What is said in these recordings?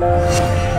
Música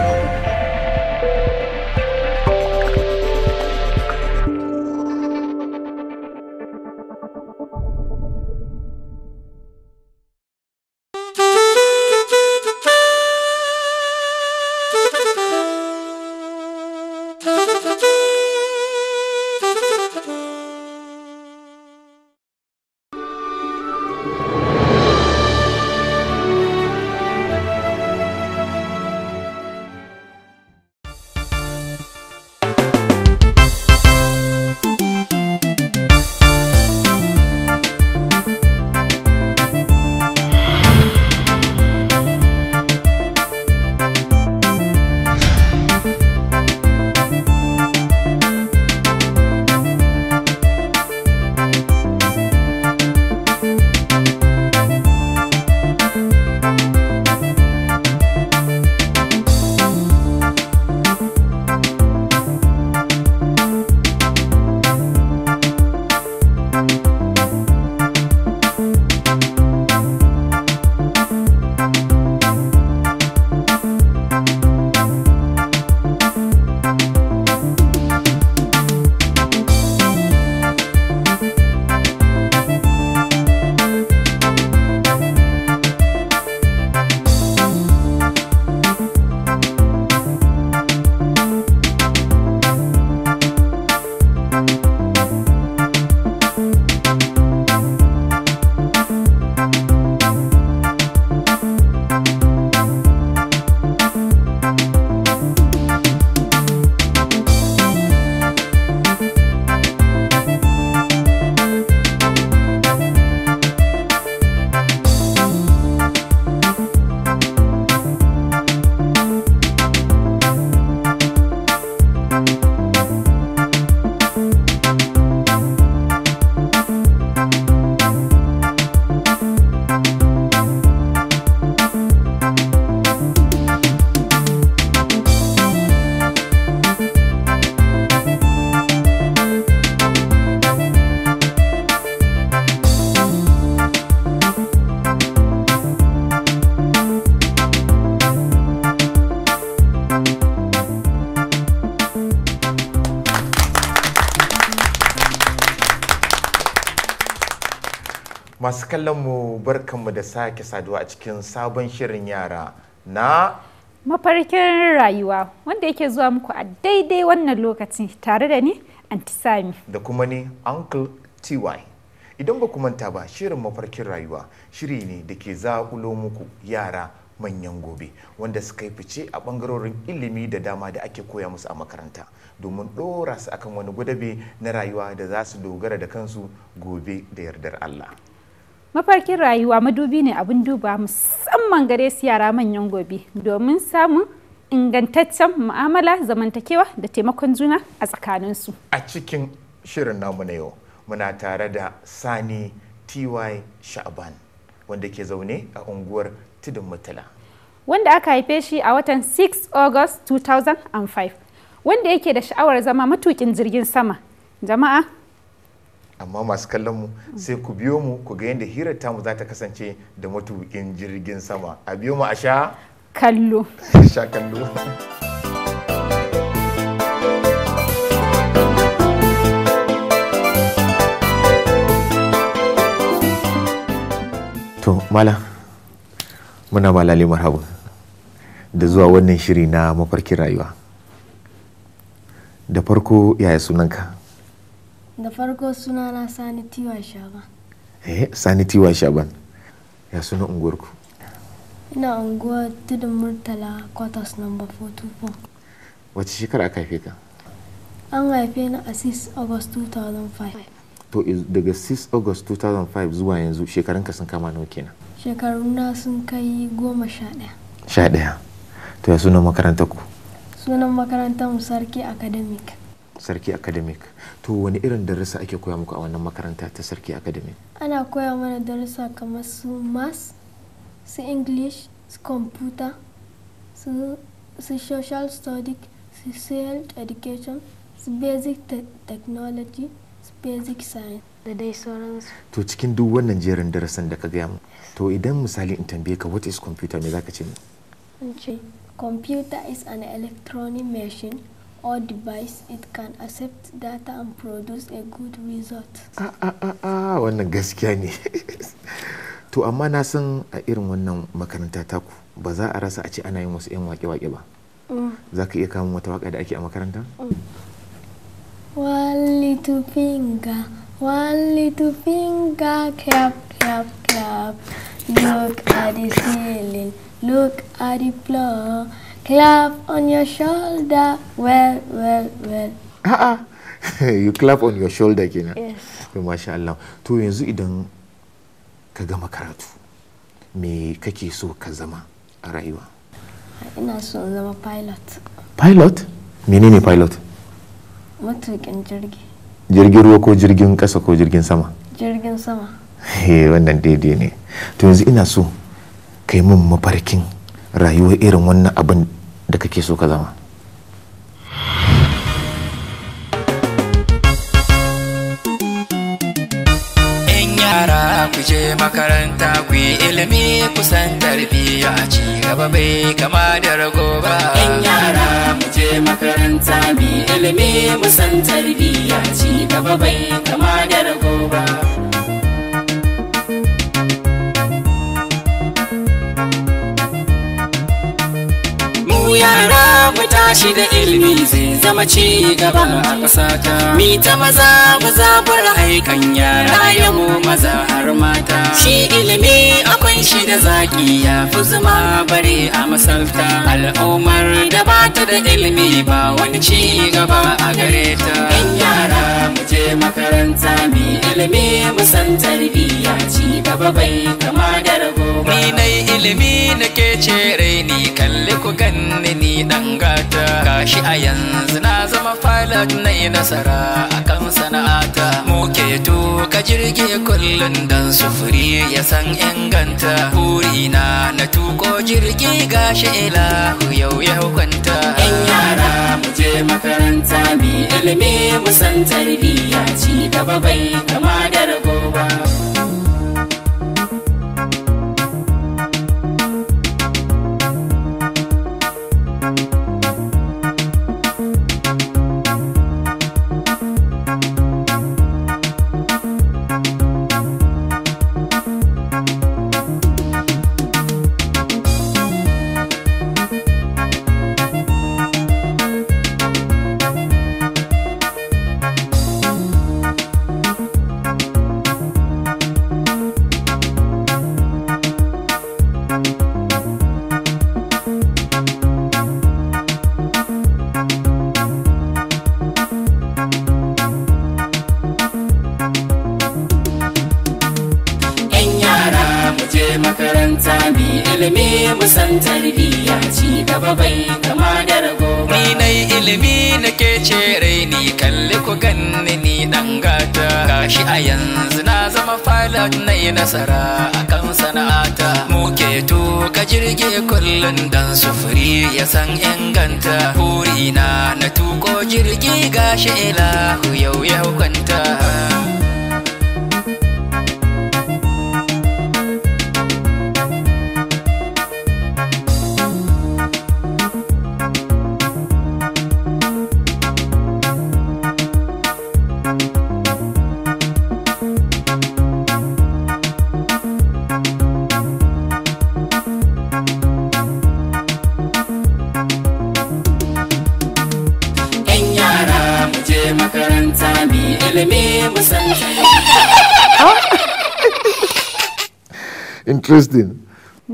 masu kallon mu barkanmu da sake saduwa a cikin sabon shirin yara na mafarkin rayuwa wanda yake zuwa muku a daidai wannan lokaci tare da ni antisami da kuma ni uncle ty idan ba ku manta ba shirin mafarkin rayuwa shiri ne da ke zaƙulo muku yara manyan gobe wanda suka yi fice a ɓangarorin ilimi da dama da ake koya musu a makaranta domin ɗora su akan wani gudabe na rayuwa da za su dogara da kansu gobe da yardar Allah. mafarkin rayuwa madubi ne abin duba musamman gare su yara manyan gobe domin samun ingantaccen mu'amala zamantakewa da taimakon juna a tsakaninsu a cikin shirin namu na yau muna tare da sani ty sha'aban wanda ke zaune a unguwar tudun mutala wanda aka haife shi a watan 6 august 2005 wanda yake da sha'awar zama matukin jirgin sama jama'a amma masu kallon mu sai ku biyo mu ku ga yadda hirar mu za ta kasance da matuƙin jirgin sama a biyo mu a sha kallo sha kallo to mala muna malale marhabu da zuwa wannan shiri na mafarkin rayuwa da farko yaya sunanka da farko na sani tiwa shaban eh sani tiwa shaban ya suna unguwarku ina unguwar tudun murtala quarters number 424 wace shekara aka haife ka an haife ni a 6 august 2005 to daga 6 august 2005 zuwa yanzu shekarunka sun kama nawa kenan shekaruna sun kai goma sha ɗaya sha ɗaya to ya sunan makarantar ku sunan makarantar sarki academic sarki academic to wani irin darussa ake koya muku a wannan makaranta ta sarki academic ana koya mana darussa kamar su mass su english su computer su social studies su health education su basic technology su basic science da dai sauransu to cikin duk wannan jerin darasin da ka gaya mu to idan misali in tambaye ka what is computer me zaka ce mu computer is an electronic machine or device it can accept data and produce a good result a ah, ah, ah, wannan gaskiya ne to amma na san a irin wannan makaranta taku ba za a rasa a ce ana yin wasu 'yan wake-wake ba mm. za ka iya kama wata waka da ake a makaranta mm. one little finger one little finger clap clap clap look at the ceiling look at the floor clap on your shoulder well well well a'a you clap on your shoulder kenan yes masha Allah to yanzu idan ka gama karatu me kake so ka zama a rayuwa ina so zama pilot pilot menene pilot matukin jirgi jirgin ruwa ko jirgin kasa ko jirgin sama jirgin sama wannan daidai ne to yanzu ina so kai mun mafarkin rayuwa irin wannan abin da kake so ka zama yara ku je makaranta ku yi ilimi kusan tarbiyya a ci gaba bai kama da rago ba yan yara ku je makaranta mu ilimi musan tarbiyya ci gaba bai kama da rago ba shida ilmi da ilimi zai zama ci gaba a ƙasata. Mi ta maza ba za bar aikan yara ya mu maza har mata. Shi ilimi akwai shi da zaki ya fi zuma bare a masalta. Al'ummar da ba da ilimi ba wani ci gaba a gare ta. yara mu je makaranta mi ilimi mu san tarbiyya ci gaba bai kama da rago. Ni nai ilimi nake ce rai ni kalli ku ganni ni dan gata. ta gashi a yanzu na zama pilot na yi nasara kan sana'ata Mu muke tuka jirgi kullum dan sufuri ya san inganta burina na tuko jirgi gashi ila yau ya hukunta yan yara mu je makaranta mi ilimi mu san tarbiyya ci gaba bai kama da ragowa ilimi musan tarbiya ci gaba bai kama da rago ni nai ilimi nake ce ni kalli ku ganni ni dan gata gashi a yanzu na zama falon yi nasara a kan sana'ata Mu muke tuka jirgi kullun dan sufuri ya san inganta burina na tuko jirgi gashi ilahu yau ya hukunta jama'a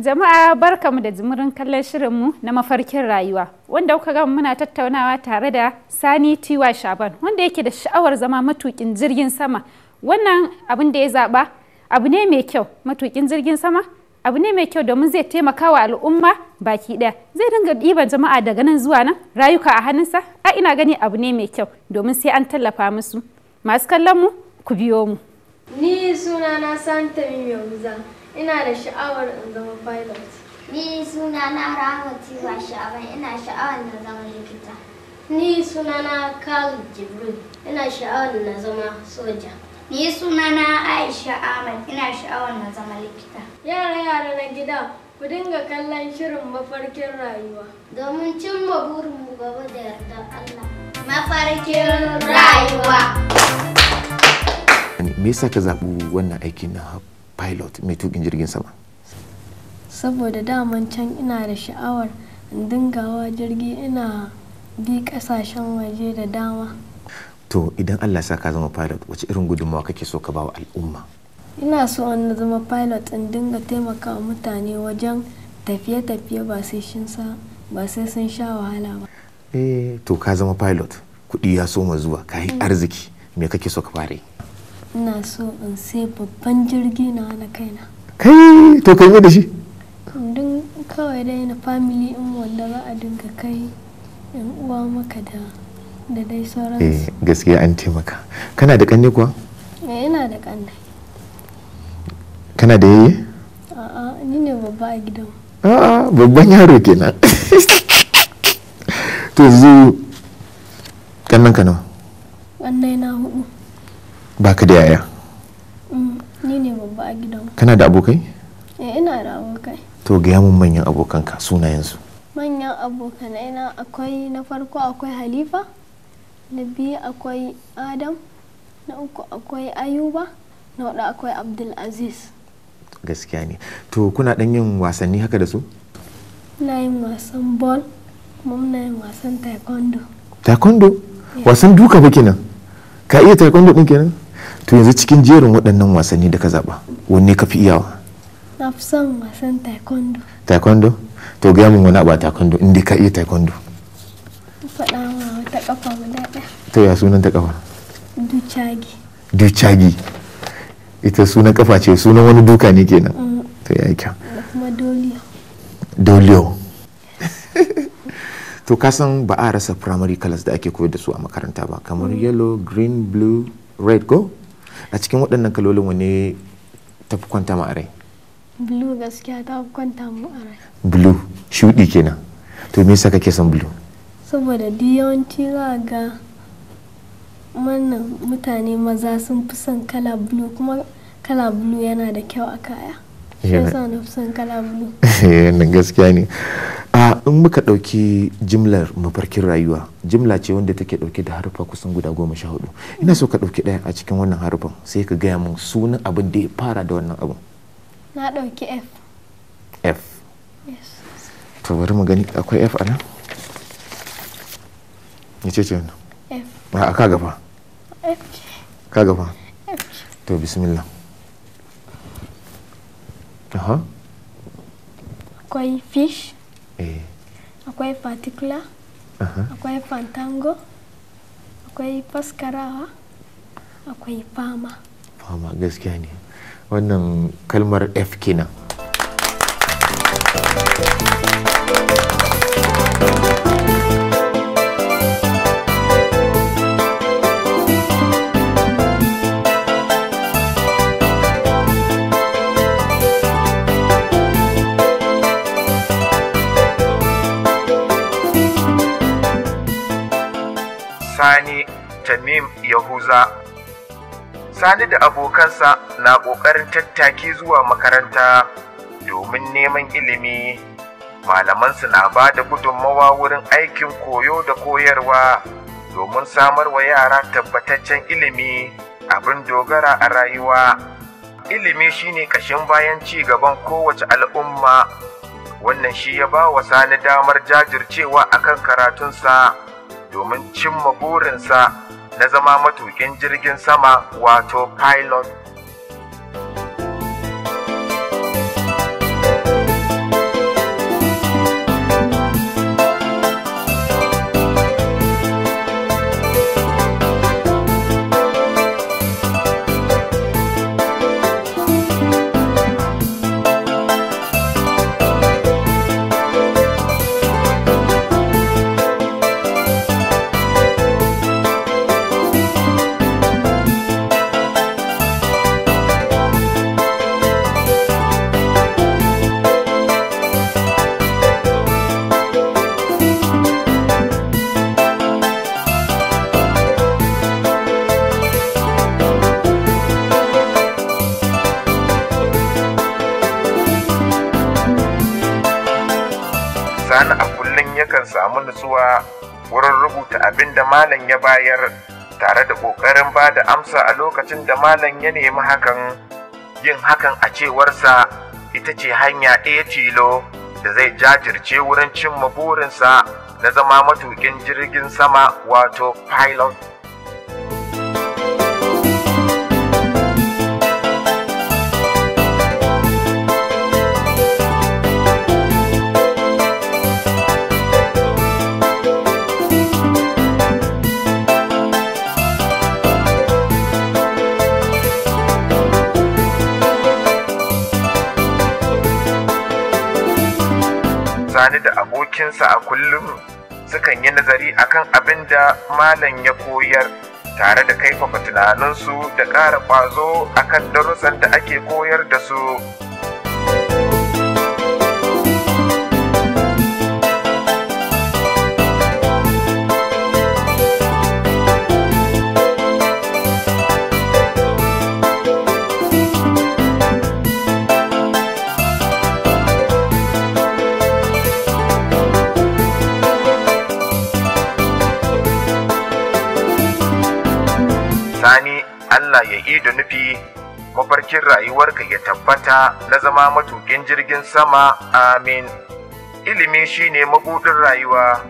Jama'a mu da jimirin kallon shirinmu na mafarkin rayuwa wanda kuka gama muna tattaunawa tare da Sani Tiwa Shaban wanda yake da sha'awar zama matukin jirgin sama. Wannan abin da ya zaba abu ne mai kyau matukin jirgin sama abu ne mai kyau domin zai taimaka wa al'umma baki ɗaya zai dinga ɗiban jama'a daga nan zuwa nan rayuka a hannunsa a ina gani abu ne mai kyau domin sai an tallafa musu masu kallon mu ku biyo mu. Ni suna na Santa Mimiyoza, ina da sha'awar in zama pilot. Ni suna na Rahmatu wa Sha'aban, ina sha'awar na zama likita. Ni suna na Khalid Jibril, ina sha'awar na zama soja. Ni suna na Aisha Ahmad, ina sha'awar na zama likita. Yara yara na gida, ku dinga kallon shirin mafarkin rayuwa. Domin cimma burinmu gaba da yarda Allah. Mafarkin rayuwa. me yasa ka zaɓi wannan aikin na pilot mai tukin jirgin sama saboda daman can ina da sha'awar dingawa jirgi ina bi ƙasashen waje da dama to idan allah sa ka zama pilot wace irin gudunmawa kake so ka bawa al'umma ina so na zama pilot in dinga taimaka wa mutane wajen tafiye-tafiye ba sai sun sha wahala ba eh to ka zama pilot kuɗi ya soma zuwa ka yi arziki me kake so ka fara yi ina so in sai babban jirgi na na kaina kai to kai da shi din kawai dai na family in wanda za a dinga kai in uwa maka da da dai sauran. eh gaskiya an taimaka kana da kanne kuwa eh ina da kanne kana da yayi a'a ni ne babba a gidan a'a babban yaro kenan to zu kannan nawa? wannan na hudu ba ka da yaya mm, ni ne babba a gidan kana da abokai eh ina da abokai to gaya mun manyan abokanka sunayensu manyan abokan ina akwai na farko akwai halifa na biyu akwai adam na uku akwai ayuba na hudu akwai abdul aziz. gaskiya ne to kuna dan yin wasanni haka da su na yin wasan ball kuma muna yin wasan taekwondo taekwondo wasan duka ba kenan ka iya taekwondo din kenan to yanzu cikin jerin waɗannan wasanni da ka zaɓa wanne ka fi iyawa na fi son wasan taekwondo taekwondo to gaya min wani abu taekwondo inda ka iya taekwondo faɗa ma wata kafa guda ɗaya to ya sunan ta kafa duchagi duchagi ita sunan kafa ce sunan wani duka ne kenan mm. to ya kyau kuma dolio. dolio. to kasan ba a rasa primary colors da ake koyar da su a makaranta ba kamar mm. yellow green blue red go a cikin waɗannan kalolin wani ta fi kwanta ma a rai gaskiya ta fi kwanta mu a rai blue shuɗi kenan to me yasa kake son blue saboda duk yawanci za ga wannan mutane maza sun fi son kala blue kuma kala blue yana da kyau a kaya Eh. yasa na eh, gaskiya ne a in muka ɗauki jimlar mafarkin rayuwa jimla ce wanda take ɗauke da harfa kusan guda goma sha hudu ina so ka ɗauki ɗaya a cikin wannan harfan sai ka gaya min sunan abin da ya fara da wannan abin na ɗauki f f to bari mu gani akwai f a nan ya ce ce wannan f a ka gaba ka gaba to bismillah Aha. Akwai fish. Eh. Akwai particular. Aha. Akwai fantango. Akwai faskarawa. Akwai fama. Fama gaskiya ne. Wannan kalmar F kenan. Sani da abokansa na ƙoƙarin tattaki zuwa makaranta domin neman ilimi. Malamansu na ba da gudunmawa wurin aikin koyo da koyarwa domin samar wa yara tabbataccen ilimi abin dogara a rayuwa. Ilimi shine ƙashin bayan ci gaban kowace al'umma. Wannan shi ya ba wa Sani damar jajircewa akan karatunsa domin cimma burinsa. na zama matukin jirgin sama wato pilot tare da ƙoƙarin ba da amsa a lokacin da malam ya nemi hakan yin hakan a cewarsa ita ce hanya ɗaya tilo da zai jajirce wurin cimma burinsa na zama matuƙin jirgin sama wato pilot baccinsa a kullum sukan yi nazari akan abin da malam ya koyar tare da kaifafa tunaninsu da ƙara ƙwazo akan darussan da ake koyar da su albarkacin rayuwarka ya tabbata na zama matukin jirgin sama amin ilimi shine mabudin rayuwa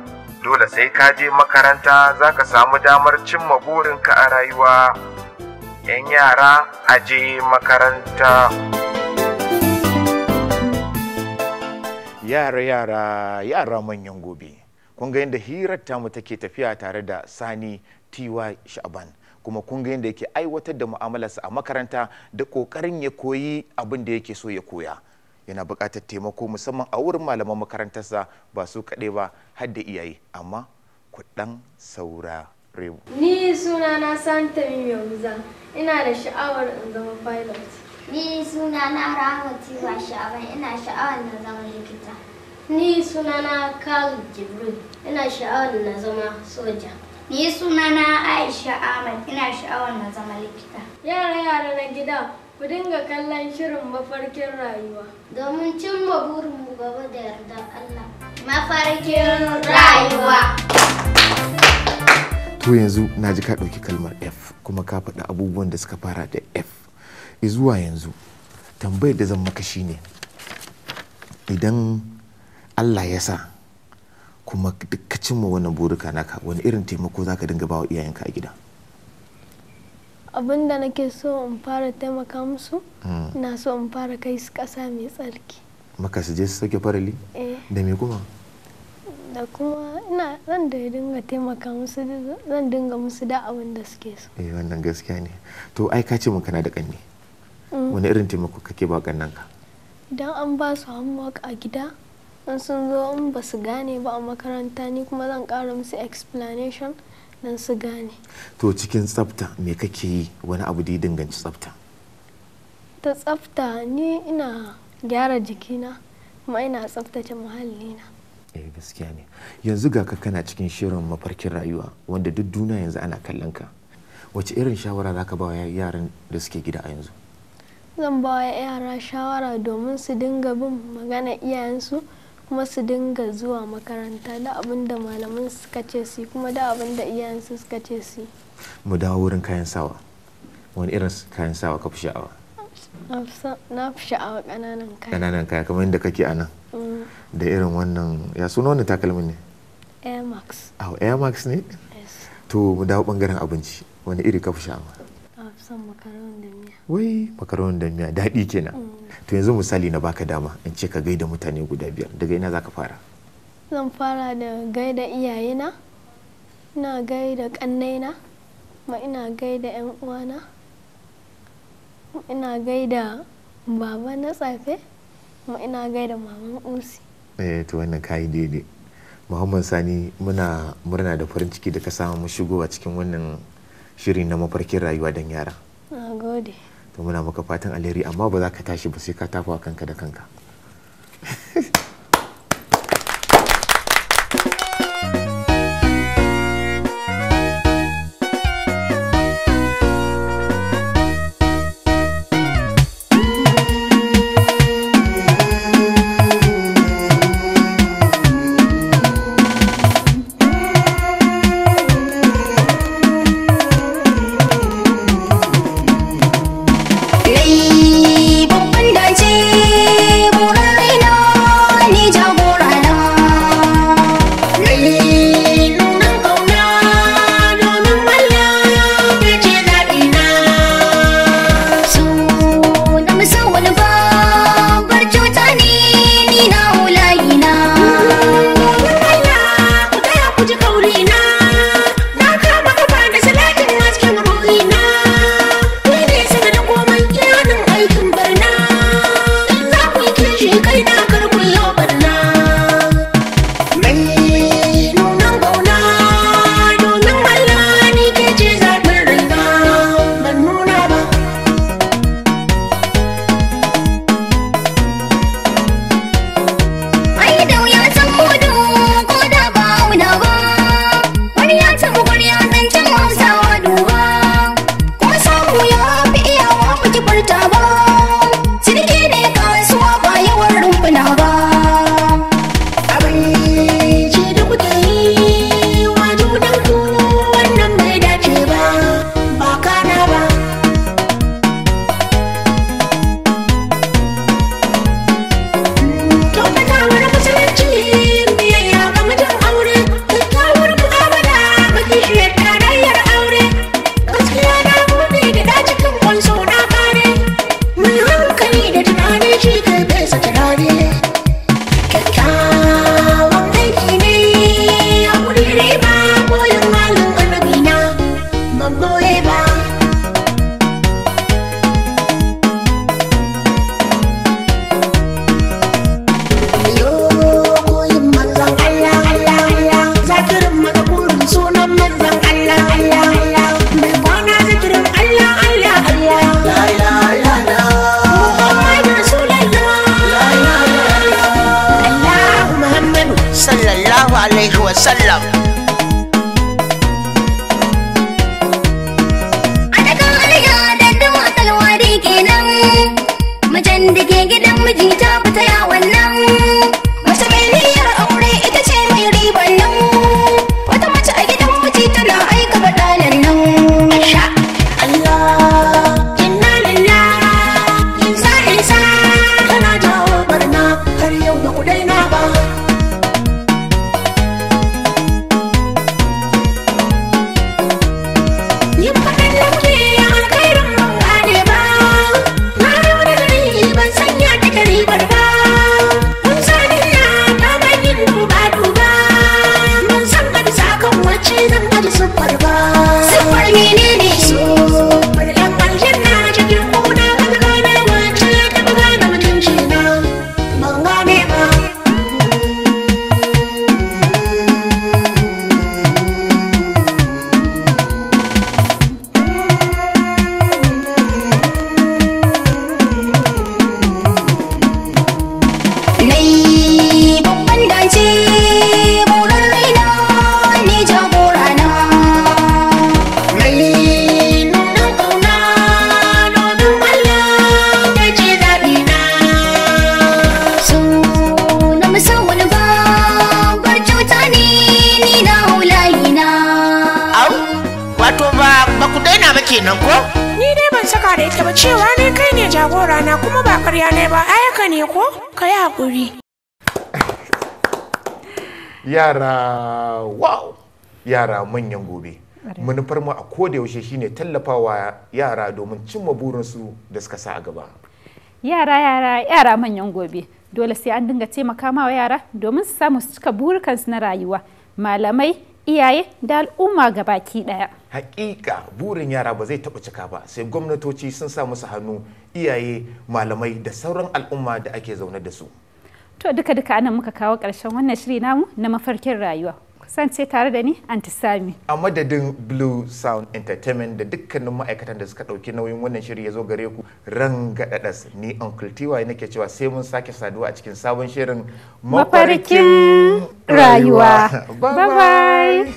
dole sai ka je makaranta za ka samu damar cimma burinka a rayuwa 'yan yara a makaranta yara yara yara manyan gobe kun ga yadda hirar tamu take tafiya tare da sani tiwa sha'ban kuma kun ga yadda yake aiwatar da mu'amalarsa a makaranta da ƙoƙarin ya koyi abin da yake so ya koya yana buƙatar taimako musamman a wurin malaman makarantarsa ba su kaɗai ba har da iyaye amma ku ɗan saura rebu. Ni na Santa Mimiyahuza ina da sha'awar in zama pilot. Ni suna na Rahama wa sha'awar ina sha'awar na zama likita. Ni suna na kalu Jibril ina sha'awar na zama soja. Ni sunana Aisha Ahmad ina sha'awar na zama likita. Yara yara na gida ku dinga kallon shirin mafarkin rayuwa. Domin cimma burinmu gaba da yardar Allah. Mafarkin rayuwa. To yanzu na ji ka ɗauki kalmar F kuma ka faɗi abubuwan da suka fara da F. Zuwa yanzu tambayar da zan maka shine idan Allah ya sa kuma duk ka cimma wannan burika naka wani irin taimako za ka dinga bawa iyayenka a gida abin da nake so in fara taimaka musu hmm. na so in fara kai su kasa mai tsarki maka su je su sauke farali eh. da me kuma da kuma ina zan da dinga taimaka musu zan dinga musu da abin da suke so eh wannan gaskiya ne to ai ka ce mun kana da kanni mm. wani irin taimako kake ba kannanka idan an ba su homework a gida in sun zo in ba su gane ba a makaranta ni kuma zan kara musu explanation don su gane to cikin tsafta me kake yi wani abu da ya danganci tsafta ta tsafta ni ina gyara jikina kuma ina tsaftace muhallina eh gaskiya ne yanzu ga ka kana cikin shirin mafarkin rayuwa wanda duk duniya yanzu ana kallon ka wace irin shawara za ka ba yaran da suke gida a yanzu zan ba wa yara shawara domin su dinga bin magana iyayensu kuma su dinga zuwa makaranta da abin da malaman suka ce su kuma da abin da iyayensu suka ce su mu dawo wurin kayan sawa wani irin kayan sawa ka fi sha'awa na fi sha'awa kananan kaya kananan kaya kamar yadda kake a nan. Mm. da irin wannan ya suna wani takalmi ne air max aw air max ne to mu dawo bangaren abinci wani iri ka fi sha'awa na fi son makaron da miya wai makaron da miya daɗi kenan mm. to yanzu misali na baka dama in ce ka gaida mutane guda biyar daga ina za ka fara zan fara da gaida iyayena ina gaida kannaina ma ina gaida yan uwana ina gaida baba na tsafe ma ina gaida maman usi eh to wannan kai daidai muhammad sani muna murna da farin ciki da ka samu shigowa cikin wannan shiri na mafarkin rayuwa don yara na gode to muna maka fatan alheri amma ba za ka tashi ba sai ka tafa kanka da kanka yara wow yara manyan gobe manufar mu a koda yaushe shine tallafawa yara domin cimma burinsu da suka sa a gaba yara yara yara manyan gobe dole sai an dinga taimaka wa yara domin su samu su cika burukansu na rayuwa malamai iyaye da al'umma ga baki daya hakika burin yara ba zai taɓa cika ba sai gwamnatoci sun sa musu hannu iyaye malamai da sauran al'umma da ake zaune da su to duka duka anan muka kawo ƙarshen wannan shiri namu na mafarkin rayuwa kusance tare da ni anti sami a madadin blue sound entertainment da dukkanin ma'aikatan da suka ɗauki nauyin wannan shiri ya zo gare ku rangadadas ni uncle tiwa nake cewa sai mun sake saduwa a cikin sabon shirin mafarkin rayuwa bye bye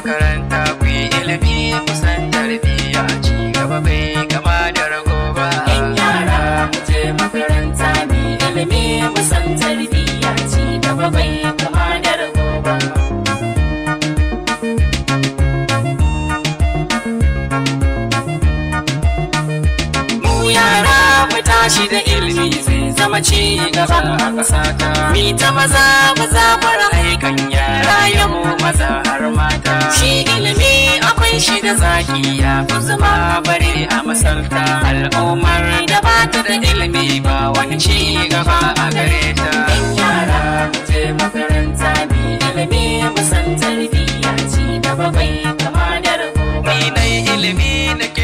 makaranta ku yi ilimi kusan tarbi ta ba mai kama da rago ba yan yara mu je makaranta mi ilimi mu san tarbiyya ci gaba bai ta mace gaba a ƙasata. Mi ta maza maza fara aikan yara yabo maza har mata. Shi ilimi akwai shi da zaki ya fi zama bare a masalta. Al'ummar da ba ta da ilimi ba wani ci gaba a gare ta. yara je makaranta mi ilimi musan tarbiyya ci gaba bai kama da rago. Mai dai ilimi na